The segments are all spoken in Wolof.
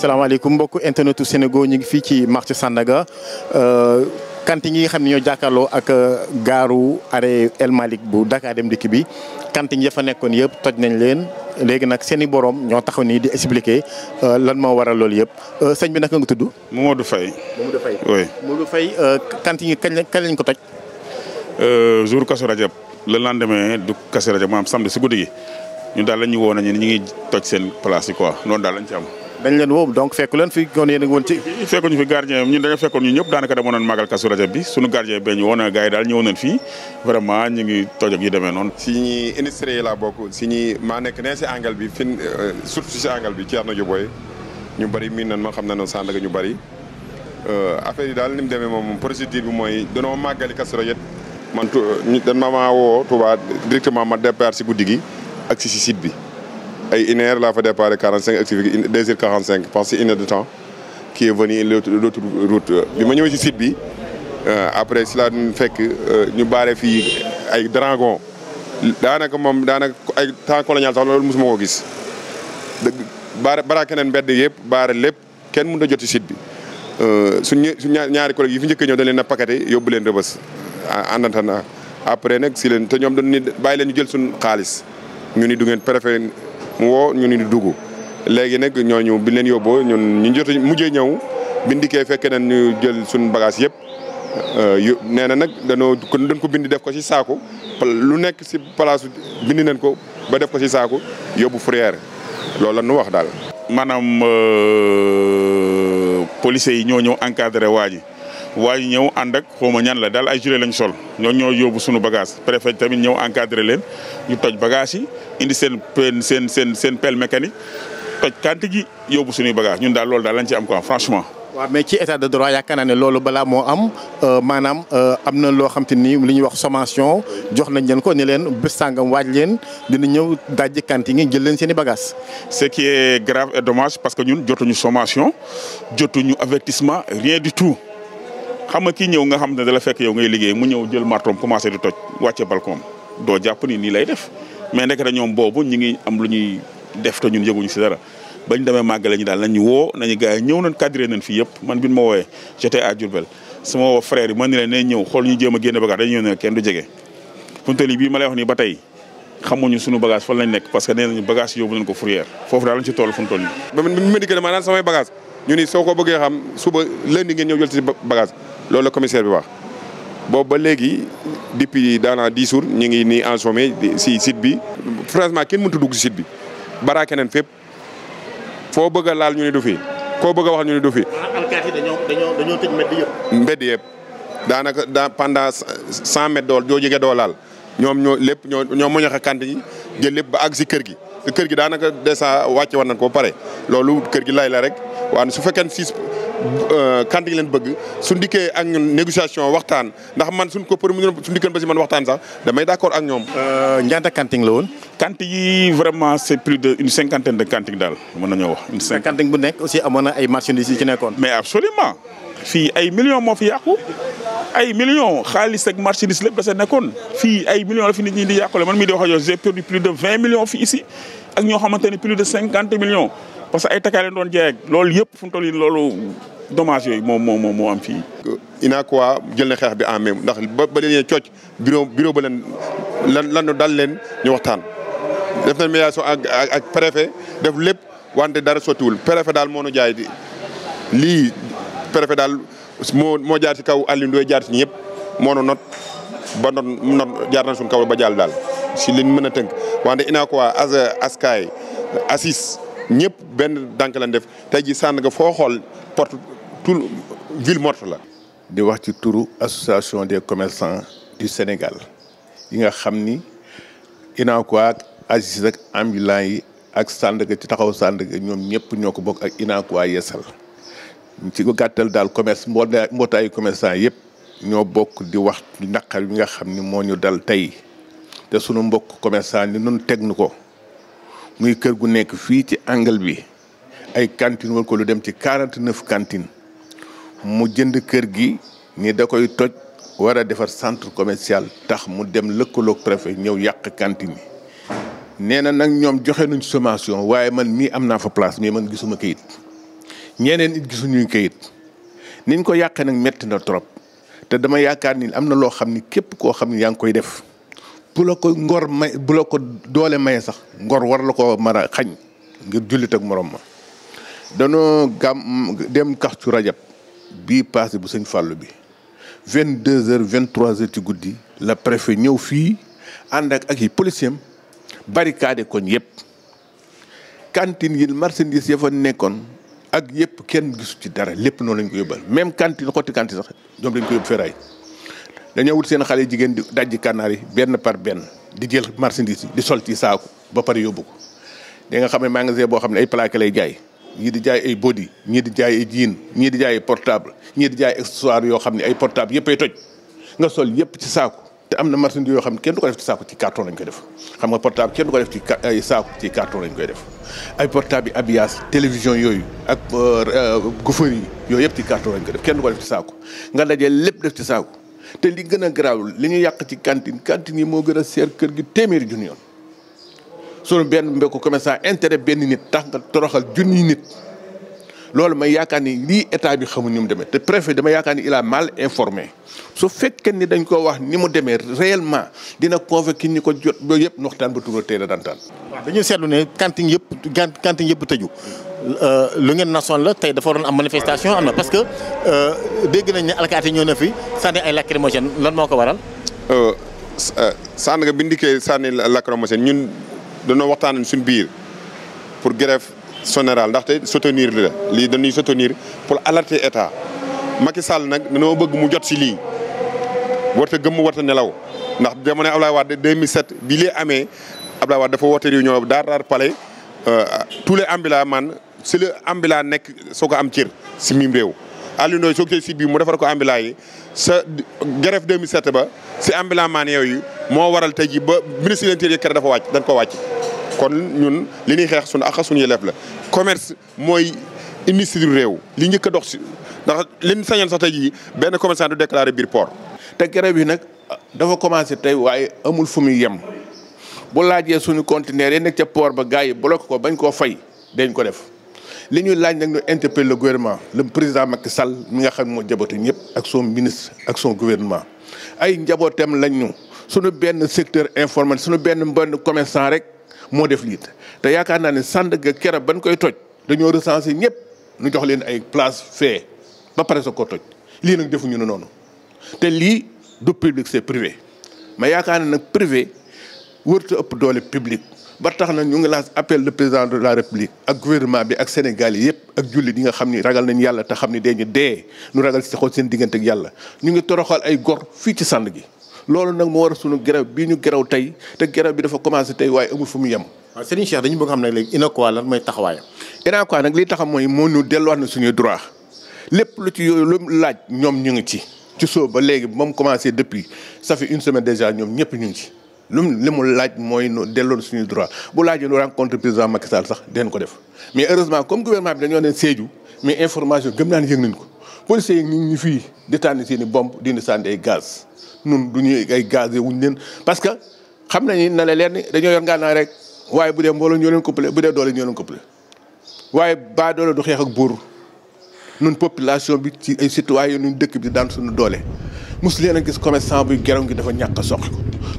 salaamaaleykum mbokk internetu Sénégal ñu ngi fii ci marché Sandaga euh, kanti yi nga xam ne ñoo jàkkaarloo ak euh, gaaru arrêt El Malick bu Dakar dem dikk bi kantin ya fa nekkoon yëpp toj nañ leen léegi nag seen i borom ñoo taxaw nii di expliquer euh, lan moo waral loolu yëpp sëñ bi naka nga tudd. Mamadou Faye. Mamadou Faye oui. Mamadou Faye kantin yi kañ lañ ko toj. jour Kazu Rajab le lendemain du Kazu Rajab maanaam samedi si guddi gi ñu daal la ñu woo nañu ñu ngi toj seen place yi noonu daal lañ ci am. dañ leen woo donc fekku leen fi kon yéen a ngi woon ci. fekkuñu fi gardien ñun dañoo fekkoon ñu ñëpp daanaka dama doon màggal Kazu Rajab bi sunu vraiment ñu ngi toj ak demee noonu. si ñi industrie yi laa bokk si ñi maa nekk nee si angle bi fin euh, surtout si angle bi Thierno Dioboye ñu bëri miin nañ ma xam na ne Sandaga ñu bëri euh, affaire yi daal ni mu demee moom procédure bi mooy danoo màggali Kazu Rajab man euh, dañ ma maa woo Touba directement ma départ si guddi gi ak si si bi ay une la laa fa déparé 45 activités deux heures 45 passé une heure de temps qui est venu l'autre route bi ñëwee ci site euh, après si laa fekk euh, ñu baare fii ay dragon daanaka moom daanaka ay temps colonial sax loolu mosuma ko gis baare baraa keneen mbedd yëpp baare lépp kenn mun a jot ci site bi suñu euh, suñ ñaari collègues yi fu njëkk ñëw dañ leen a paqueté yóbbu leen rëbës àndanta na après nag si leen te ñoom dañ ni leen ñu jël suñ xaalis ñu ni du ngeen mu woo ñu ni di dugg léegi nag ñooñu bi leen yóbboo ñun ñu jot mujjee ñëw bindi ke fekke nañ ñu jël suñu bagage yëpp euh, yu nee na nag danoo dañ ko bindi def ko ci saaku lu nekk ci place bindi nañ ko ba def ko ci saaku yóbbu fourrière loolu la ñu wax daal. maanaam euh, policiers yi ñoo ñëw encadré waa ji waaye ñëw ànd ak xaw ñan la daal ay juré lañ sol ñoo ñoo yóbbu suñu bagage préfet tamit ñëw encadré leen ñu toj bagage yi indi seen seen seen seen pelle mécanique toj kant gi suñu suñuy ñun daal loolu daal lañ ci am quoi franchement. waaw mais ci état de droit yaakaar ne loolu balaa moo am euh, maanaam euh, am na loo xam ni li ñuy wax sommation jox nañ leen ko ne leen bés sàngam waaj leen dina ñëw dajji kanti ngi jël leen seen i bagages. ce qui est grave et dommage parce que ñun jotuñu sommation jotuñu avertissement rien du tout. xam nga kii ñëw nga xam ne dala fekk yow ngay liggéey mu ñëw jël martoom commencé di toj wàcce balcon doo jàpp ni nii lay def mais ndek da ñoom boobu ñu ngi am lu ñuy def te ñun yëguñu si dara bañ demee màggale ñu daal nañu woo nañu gars yi nañ fii yëpp man bi ma woo frère yi xool ñu jéem a génne kenn du jege funtali bii ma lay wax ni ba tey xamuñu suñu bagage fan lañ nekk parce que nee nañu bagage yóbbu ko fourrière foofu daal lañ ci ñëw jël ci bagage loolu la commissaire bi wax boobu ba léegi depuis daanaka dix jours ñu ngi nii en sommet si site bi. franchement kenn mënut a dugg bi baraa keneen fépp foo bëgg a laal ñu ne du fi koo bëgg wax ñu ne du fi. alkaat mbedd yëpp. mbedd yëpp daanaka daa pendant cent mètres dool joo jege doo laal ñoom ñoo lépp ñoo ñoo moñax a yi jël lépp ba àgg si kër gi. te kër gi daanaka dèjà wàcce woon nañ ko pare loolu kër gi lay la rek waaye su fekkee six Euh, kant yi leen bëgg su ndikkee ak ñun négociation waxtaan ndax man su ndikkee ba si man waxtaan sax damay d'accord ak ñoom. Euh, ñaata kanting la woon. kant yi vraiment c'est plus de une cinquantaine de kanting daal mën nañoo une cinquantaine bu nekk aussi amoon na ay marchandises yi ci nekkoon. mais absolument fii ay millions moo fi ay millions xaalis ak marchandise lépp da nekkoon fii ay millions la fi nit ñi man mii de xamante ne plus de cinquante millions. parce que ay takkaay lañ doon jaay loolu yëpp fu mu toll nii loolu dommage yooyu moom moo moo am fii. Unacois jël na xeex bi en même ndax ba ba leen cooc bureau bureau ba leen lan lan dal leen ñu waxtaan. def na médiation ak ak préfet def lépp wante dara sottiwul préfet daal moo nu jaay di lii préfet daal moo moo jaar ci kaw Alioune Ndoye jaar ci ñëpp moo nu not ba not not jaar na suñu kaw ba jàll daal si liñ mën a tënk wante Unacois as askaay assis ñëpp benn dànk lañ def tey ji Sandaga foo xool porte tout ville morte la. di wax ci turu association des commerçants du Sénégal yi nga xam ni Inaakuwa ak Asis ak ambulant yi ak Sandaga ci taxaw Sandaga ñoom ñëpp ñoo ko bokk ak Inaakuwa yeesal ci gàttal daal commerce mbootaay mbootaayu commerçant yëpp ñoo bokk di wax naqar bi nga xam ni moo ñu dal tey te sunu mbokk commerçant ni nun teg nu ko. muy kër gu nekk fii ci angle bi ay cantine war ko lu dem ci quarante neuf cantine mu jënd kër gi ni da koy toj war a defar centre commercial tax mu dem lëkkaloog préfet ñëw yàq cantine yi nee na nag ñoom joxe nuñ sommation waaye man mii am naa fa place mais man gisuma kayit ñeneen it gisuñuy kayit niñ ko yàqee nag metti na trop te dama yaakaar ni am na loo xam ni képp koo xam ni yaa ngi koy def bu la ko ngor may bu la ko doole maye sax ngor war la ko mën a xañ ngir jullit ak moroom ma danoo gam dem kastu rajab bii passé bu sëñ fàll bi vingt deux heures vingt trois ci guddi la préfet ñëw fii ànd ak ak yi policier barricade koñ yëpp cantine yi marchandise ya fa nekkoon ak yëpp kenn gisu ci dara lépp noonu lañ ko yóbbal même cantine xotti cantine sax ñoom lañ ko yóbbu feraay dañoo wut seen xale jigéen di dajji kànnaar benn par benn di jël marchandise di sol ci saaku ba pare yóbbu ko di nga xam ne magasin boo xam ne ay plaqué lay jaay ñii di jaay ay body ñii di jaay ay jean ñii di jaay ay portable ñii di jaay accessoire yoo xam ne ay portable yëpp ay toj nga sol yëpp ci saaku te am na marchandise yoo xam ne kenn du ko def ci saako ci carton lañ koy def xam nga portable kenn du ko ci ay saako ci carton lañ koy def ay portable yi habillage télévision yooyu ak euh, euh, gouverneur yi yooyu yëpp ci carton lañ kenn du ko def ci saako nga dajee lépp def ci saako te li gën a li ñu yàq ci cantine cantine yi moo gën a seer kër gi téeméeri junni yoon sunu benn mbéku commerçant intérêt benn nit tax nga toroxal junni nit loolu may yaakaar ni lii état bi xamul ñu mu demee te préfet dama yaakaar ni il mal informé su fekkee ni dañ ko wax ni mu demee réellement dina convaincre ñu ko jot ba yëpp waxtaan ba tuura teel a dantaan. waaw dañu seetlu ne cantine yëpp cantine yëpp tëju. Euh, lu ngeen nasoon la tey dafa waroon am manifestation am na parce que euh, dégg nañ ne alkaati ñoo na fi sànni ay lacrymogène lan moo ko waral. Euh, sànni nga bi ndikkee sànni lacrymogène ñun dañoo waxtaan suñ biir pour grève générale ndaxte soutenir la lii dañuy soutenir pour alerter état Macky Sall nag dañoo bëgg mu jot si lii warta gëmm warta nelaw ndax jamono Abdoulaye Wade 2007 bi lii amee Abdoulaye Wade dafa woote réunion daar daar palais tous les ambulances man si la ambila nekk soo ko am cër si mim réew Aliou Ndoye soo gisee si bii mu defar ko ambila yi sa greffe 2007 ba si ambila maan yooyu moo waral tey ji ba ministre de l'intérieur kere dafa wàcc dañ ko wàcc kon ñun li ñuy xeex suñu ak suñu la commerce mooy industrie réew li njëkk a dox si ndax liñ sañoon sax jii benn commerçant du déclaré biir port te grève bi nag dafa commencé tey waaye amul fu muy yem bu laajee suñu conteneur yi nekk ca port ba gars yi bloqué ko bañ koo fay dañ ko def li ñuy laaj nag ñu interpelle le gouvernement le président Macky Sall mi nga xam moo jabatu ñëpp ak soo ministre ak soo gouvernement ay njabootam lañ ñu suñu benn secteur informel suñu benn benn commerçant rek moo def liit te yaakaar naa ne Sandaga keroog bañ koy toj dañoo recensé ñëpp ñu jox leen ay place fee ba pare sa ko toj lii nag ñu ne noonu te lii du public c'est privé mais yaakaar na nag privé wërta ëpp doole public ba tax na ñu ngi laas appel le président de la république ak gouvernement bi ak Sénégal yi yëpp ak jullit yi nga xam ni ragal nañu yàlla te xam ni dañu dee ñu ragal si xool seen diggante ak yàlla ñu ngi toroxal ay gor fii ci sànd gi loolu nag moo war suñu sunu grève bii ñu grève tey te grève bi dafa commencé tey waaye amul fu mu yem. waaw Serigne Cheikh dañu bëgg xam ne léegi UNACOIS lan mooy taxawaayam. UNACOIS nag li taxam mooy moo ñu delluwaat na suñuy droit lépp lu ci yooyu lu laaj ñoom ñu ngi ci. ci soo ba léegi moom commencé depuis ça une semaine déjà ñoom ñëpp ñu ngi ci lu mu li mu laaj mooy nu suñuy suñu droit bu laajul rencontre président Macky Sall sax den ko def mais heureusement comme gouvernement bi dañoo ne Sédhiou mais information gëm naa ne yëg nañ ko policiers yi ñu ngi fii di tànn seen i bomb di indi sànni ay gaz ñun du ñuy ay gaz wuñ leen parce que xam nañu na la ni dañoo yor naa rek waaye bu dee mbooloo ñoo leen couplé bu dee doole ñoo leen couplé waaye baa doole du xeex ak buur nun population bi ci ay citoyens ñun dëkk bi daan suñu doole. mos leen a gis commerçant buy gerew ngi dafa ñàkk a soqi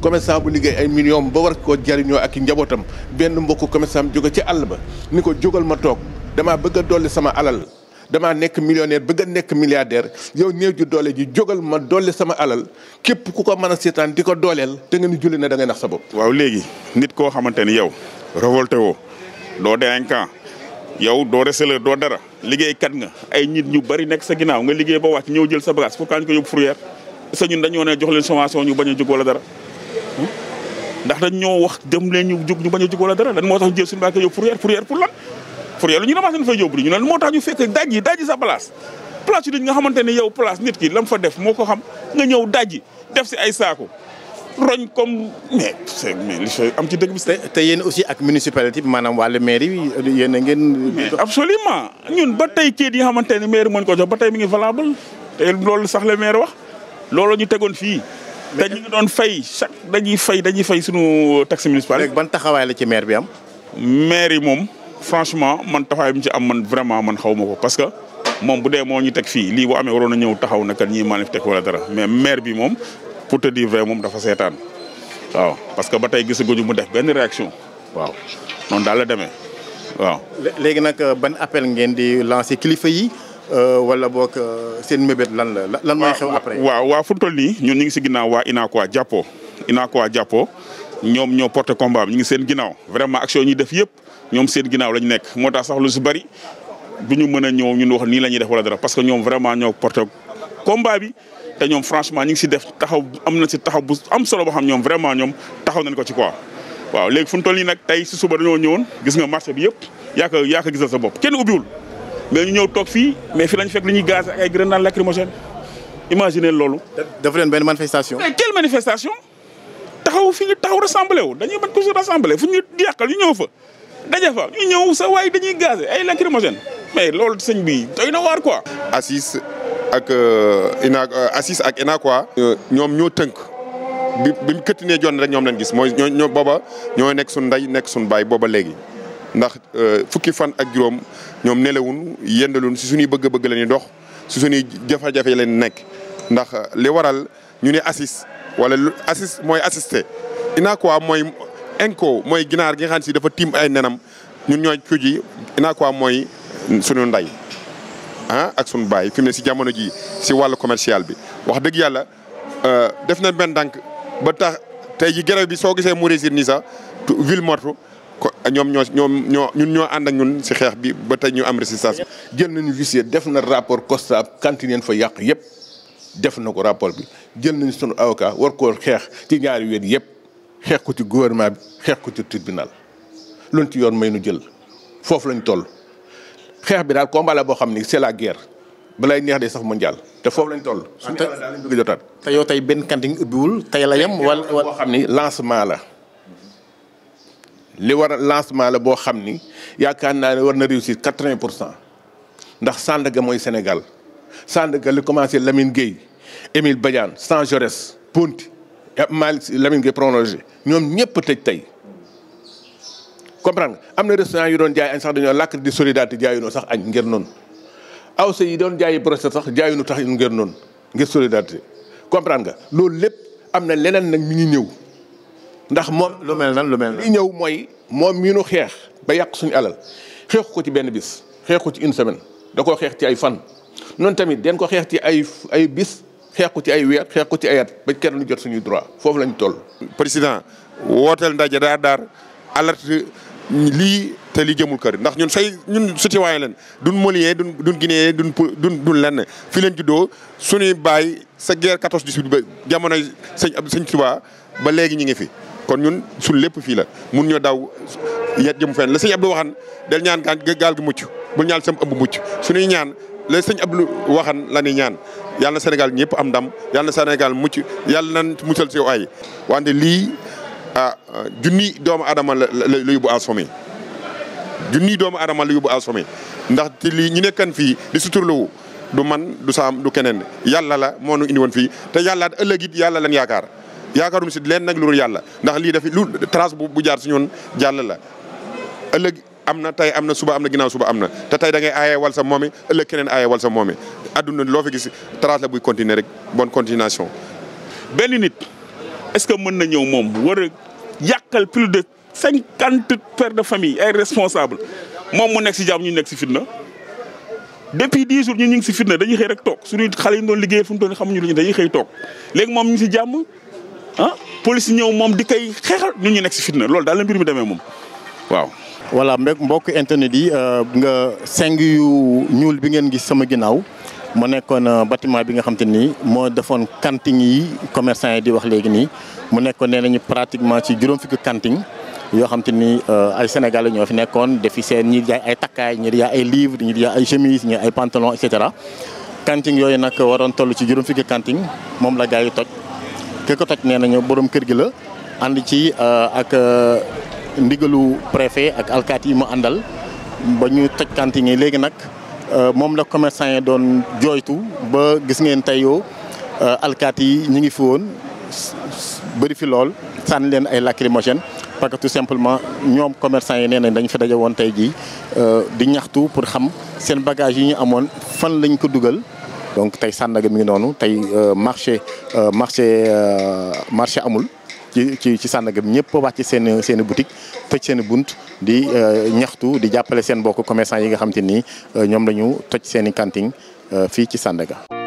ko bu liggéey ay millions ba war koo jariñoo ak i njabootam benn mbokk commerçant bi jóge ci àll ba ni ko jógal ma toog damaa bëgg a doole sama alal damaa nekk millionaire bëgg a nekk milliardaire yow néew ji doole ji jógal ma doole sama alal képp ku ko mën a seetaan di ko dooleel te ngeen ni julli ne da nax sa bopp. waaw léegi nit koo xamante ni yow révolté wo doo délinquant yow doo receleur doo dara liggéeykat nga ay nit ñu bari nekk sa ginnaaw nga liggéey ba ñëw jël sa bagage foofu kañ ko yóbbu sa ñun dañoo ne jox leen sommation ñu bañ a jóg wala dara ndax dañ ñoo wax dem leen ñu jóg ñu bañ a dara lan moo tax ñu jël suñu barke yow fourrière fourrière pour lan fourrière lu ñu ramasse fay yóbbu ñu lan moo tax ñu fekk daaj yi daaj sa place xamante ne yow place nit ki lam fa def moo ko xam nga ñëw daaj def si ay saako roñ comme mais c'est mais am ci dëkk bi te yéen aussi ak municipalité bi maanaam wàllu maire yi yéen a ngeen absolument ba tey kii yi nga xamante ne maire moo ñu ko jox ba tey mi ngi valable te loolu sax la wax looloo ñu tegoon fii. te ñu ngi doon fay chaque dañuy fay dañuy fay sunu euh, taxe municipale. léegi ban taxawaay la ci maire bi am. maire yi moom franchement man taxawaay bi mu ci am man vraiment man xaw ma ko parce que moom bu dee moo ñu teg fii lii bu amee waroon na ñëw taxaw na kat ñii maa fi teg wala dara mais maire bi moom pour te dire vrai moom dafa seetaan waaw parce que ba tey gisaguñu mu def benn réaction waaw noonu daal la demee waaw. léegi nag euh, ban appel ngeen di lancer kilifa yi. Euh, wala boog euh, seen mébét lan la lan mooy xew après. waaw waaw fu toll nii ñun ñu ngi si ginnaaw waa Inakoa jàppoo Inakoa jàppoo ñoom ñoo porté combat bi ñu ngi seen ginnaaw vraiment action ñuy def yëpp ñoom seen ginnaaw lañ nekk moo tax sax lu si bëri ñu mën a ñëw ñun wax nii la ñuy def dara parce que ñoom vraiment ñoo porté combat bi. te ñoom franchement ñu ngi si def taxaw am na si taxaw bu am solo boo xam ñoom vraiment ñoom taxaw nañ ko ci quoi waaw léegi fu mu toll nii nag tey si suba dañoo ñëwoon gis nga marché bi yëp yaa ko yaa ko gisal sa bopp kenn ubbiwul. mais ñu ñëw toog fii mais fi lañ fekk lu ñuy ay ak ay grenades lacrymogènes imaginez loolu. def leen benn manifestation. mais quelle manifestation taxaw fi ñu taxaw rassemblé wu dañuy mën ko su rassemblé fu ñu ñëw fa daje fa ñu ñëw sa waaye dañuy gazé ay lacrymogènes mais lool sëñ bi doy na waar quoi. assis ak euh, INA euh, ACIS ak INA quoi. Euh, ñoom ñoo tënk. bi bi mu këtt nee jon rek ñoom leen gis mooy ñoo ñoo booba ñoo nekk suñu ndey nekk suñu baay booba léegi. ndax euh, fukki fan ak juróom ñoom nelawun yendalun si suñuy bëgg-bëgg la dox si suñuy jafe-jafe la nekk ndax li waral ñu ne assis wala assis mooy assisté inaakuwaa mooy inko mooy ginaar gi si dafa tiim ay nenam ñun ñooy cuji inaakuwaa mooy suñu nday ah ak suñu baay fi mu ne si jamono ji si wàllu commercial bi wax dëgg yàlla euh, def na benn dànk ba tax tey ji grève bi soo gisee mu réussir nii sax ville morte ñoom ñoo ñoom ñoo ñun ñoo ànd ak ñun si xeex bi ba tey ñu am résistance. jël nañu huissier def na rapport constat kantineen fa yàq yëpp def na ko rapport bi jël nañu sunu avocat war koo xeex ci ñaari wet yëpp xeex ko bi xeex ci tribunal luñ ci yoon may nu jël foofu lañ toll. xeex bi daal combat la boo xam ni c'est la guerre balay neex de sax mondial te foofu lañ toll. Ah, suñu daal lañ te yow tey benn kantin ubbiwul tey la yem. wala wala boo xam ni lancement la. li war a lancement la boo xam ni yaakaar naa ne war na réussir quatre-vingt pour cent ndax Sandaga mooy Sénégal Sandaga li commencé Lamine Gueye Émile Badiane Jean Jaurès Ponty Malick Lamine Gueye ñoom ñëpp tëj tey comprendre nga am na restaurant yu doon jaay añ sax dañoo làkk di solidarité jaayuñu sax añ ngir noonu awse yi doon jaayi brochet sax jaay jaayuñu tax ngir noonu ngir solidarité comprendre ga loolu lépp am na leneen nag mi ngi ñëw ndax moom lu mel nan lu mel nan li ñëw mooy moom mi nu xeex ba yàq suñu alal xeex ko ci benn bis xeex ci une semaine da koo xeex ci ay fan. noonu tamit den ko xeex ci ay ay bis xeex ci ay weer xeex ci ay at kenn lu jot suñuy droit foofu lañu toll. président wooteel ndaje daar daar alerte lii te li jëmul kër ndax ñun say ñun citoyen leen duñ malien duñ duñ guinéen duñ duñ duñ lenn fi leen juddoo suñuy bàyyi sa guerre 14 18 ba jamonoy sëñ ab sëñ Tuubaa ba léegi ñu ngi fi. kon ñun suñ lépp fii la mun ñoo daw yet jëm fenn la sëñ Abdou waxan del ñaan gaal gi mucc bu ñaan sam ëmb mucc suñuy ñaan la sëñ Abdou waxan la ñuy ñaan yàlla na Sénégal ñëpp am ndam yàlla na Sénégal mucc yàlla nañ musal si ay wante lii ah junni doomu aadama la la yóbbu à sommet junni doomu aadama la yóbbu à sommet ndax te lii ñu nekkan fii di suturlawu du man du saam du keneen yàlla la moo nu indi woon fii te yàllaat ëllëg it yàlla lan yaakaar yaakaarum si leen nag loolu yàlla ndax lii dafa lu trace bu jaar si ñun jàll la ëllëg am na tey am na suba am na ginnaaw suba am na te tey da ngay aaye wal sa moomi ëllëg keneen aaye wal sa moomi adduna loo fi gis la buy continuer rek bonne continuation benn nit est-ce que mën na ñëw moom war a yàqal plus de cinquante pères de famille ay responsable moom mu nekk si jàmm ñu nekk si fitna depuis dix jours ñu ngi si fitna dañuy xëy rek toog suñuy xale yi fu mu toll nii dañuy xëy toog léegi moom ñu si jàmm ah police ñëw moom di koy xeexal ñun ñu nekk si fitna loolu daal la mbir mi demee moom waaw. voilà mbokk internet yi euh, nga seng yu ñuul bi ngeen gis sama ginnaaw. mu nekkoon euh, batiment bi nga xam te nii moo defoon cantine yi commerçant yi di wax léegi nii mu nekkoon nee nañu pratiquement ci juróom fukki cantine yoo xam te ni euh, ay Sénégalais ñoo fi nekkoon defi seen ñi jaay ay takkaay ñi jaay ay livres ay chemises ñi ay yooyu nag waroon toll ci juróom fukki cantine moom la gars yi toj. ki ko toj nee nañu borom kër gi la ànd ci euh, ak euh, ndigalu préfet ak alkaati yi mu àndal ba ñu toj cantine yi léegi nag euh, moom la commerçant yi doon jooytu ba gis ngeen tey yoo alkaati yi ñu ngi fi woon bëri fi lool sànni leen ay lacrymogène parce que tout simplement ñoom commerçant yi nee nañ dañ fi daje woon tey jii di ñaxtu pour xam seen bagage yi ñu amoon fan lañ ko dugal donc tey Sandaga mi ngi noonu tey euh, marché euh, marché euh, marché amul ci ci ci Sandaga bi ñëpp wàcc seen seen i boutique toj seen bunt di ñaxtu di jàppale seen bokk commerçant yi nga xam te ni ñoom la ñu toj seen i cantine fii ci Sandaga.